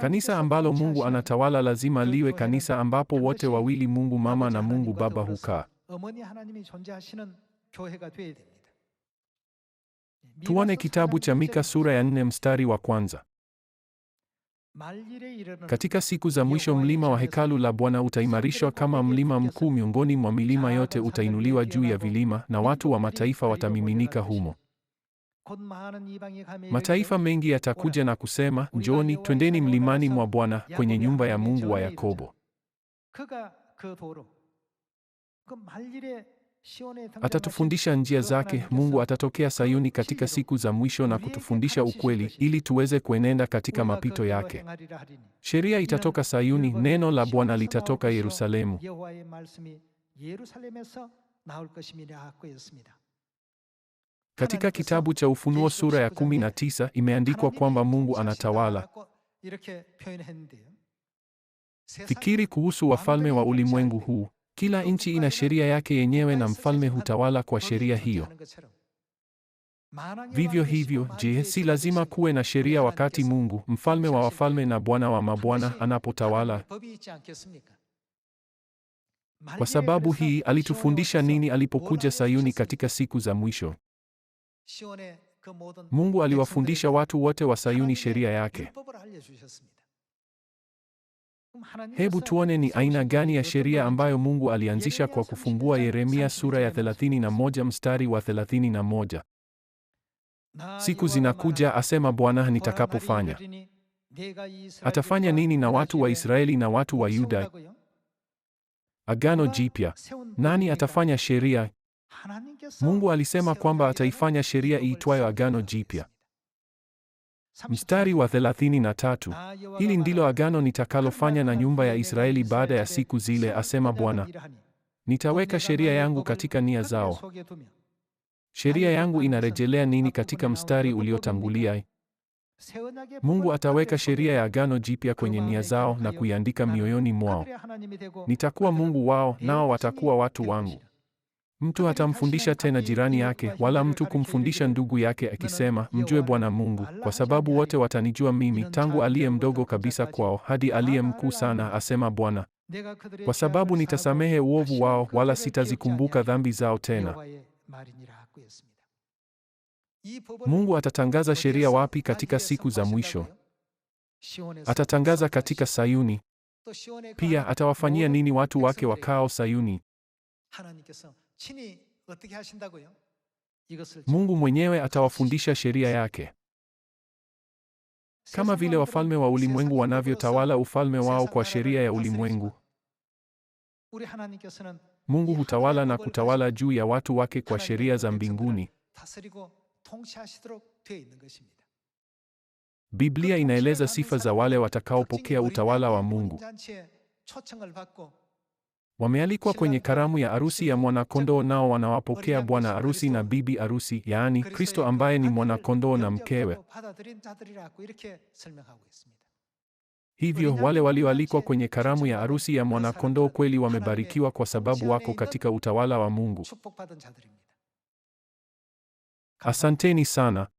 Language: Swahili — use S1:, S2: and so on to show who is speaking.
S1: Kanisa ambalo Mungu anatawala lazima liwe kanisa ambapo wote wawili, Mungu Mama na Mungu Baba, hukaa. Tuone kitabu cha Mika sura ya nne mstari wa kwanza. Katika siku za mwisho mlima wa hekalu la Bwana utaimarishwa kama mlima mkuu miongoni mwa milima yote, utainuliwa juu ya vilima, na watu wa mataifa watamiminika humo. Mataifa mengi yatakuja na kusema, njoni twendeni mlimani mwa Bwana kwenye nyumba ya Mungu wa Yakobo. Atatufundisha njia zake. Mungu atatokea Sayuni katika siku za mwisho na kutufundisha ukweli ili tuweze kuenenda katika mapito yake. Sheria itatoka Sayuni, neno la Bwana litatoka Yerusalemu. Katika kitabu cha Ufunuo sura ya 19 imeandikwa kwamba Mungu anatawala. Fikiri kuhusu wafalme wa ulimwengu huu. Kila nchi ina sheria yake yenyewe na mfalme hutawala kwa sheria hiyo. Vivyo hivyo, je, si lazima kuwe na sheria wakati Mungu, mfalme wa wafalme na Bwana wa mabwana, anapotawala? Kwa sababu hii, alitufundisha nini alipokuja Sayuni katika siku za mwisho? Mungu aliwafundisha watu wote wa Sayuni sheria yake. Hebu tuone ni aina gani ya sheria ambayo Mungu alianzisha kwa kufungua Yeremia sura ya 31 mstari wa 31. Siku zinakuja, asema Bwana, nitakapofanya. Atafanya nini na watu wa Israeli na watu wa Yuda? Agano Jipya. Nani atafanya sheria? Mungu alisema kwamba ataifanya sheria iitwayo Agano Jipya. Mstari wa 33, hili ndilo agano nitakalofanya na nyumba ya Israeli baada ya siku zile, asema Bwana, nitaweka sheria yangu katika nia zao. Sheria yangu inarejelea nini katika mstari uliotangulia? Mungu ataweka sheria ya agano jipya kwenye nia zao na kuiandika mioyoni mwao. Nitakuwa Mungu wao, nao watakuwa watu wangu. Mtu atamfundisha tena jirani yake, wala mtu kumfundisha ndugu yake akisema, mjue Bwana Mungu, kwa sababu wote watanijua mimi, tangu aliye mdogo kabisa kwao hadi aliye mkuu sana, asema Bwana, kwa sababu nitasamehe uovu wao, wala sitazikumbuka dhambi zao tena. Mungu atatangaza sheria wapi katika siku za mwisho? Atatangaza katika Sayuni. Pia atawafanyia nini watu wake wakao Sayuni? Mungu mwenyewe atawafundisha sheria yake. Kama vile wafalme wa ulimwengu wanavyotawala ufalme wao kwa sheria ya ulimwengu, Mungu hutawala na kutawala juu ya watu wake kwa sheria za mbinguni. Biblia inaeleza sifa za wale watakaopokea utawala wa Mungu. Wamealikwa kwenye karamu ya arusi ya mwanakondoo, nao wanawapokea bwana arusi na bibi arusi, yaani Kristo ambaye ni mwanakondoo na mkewe. Hivyo wale walioalikwa kwenye karamu ya arusi ya mwanakondoo kweli wamebarikiwa kwa sababu wako katika utawala wa Mungu. Asanteni sana.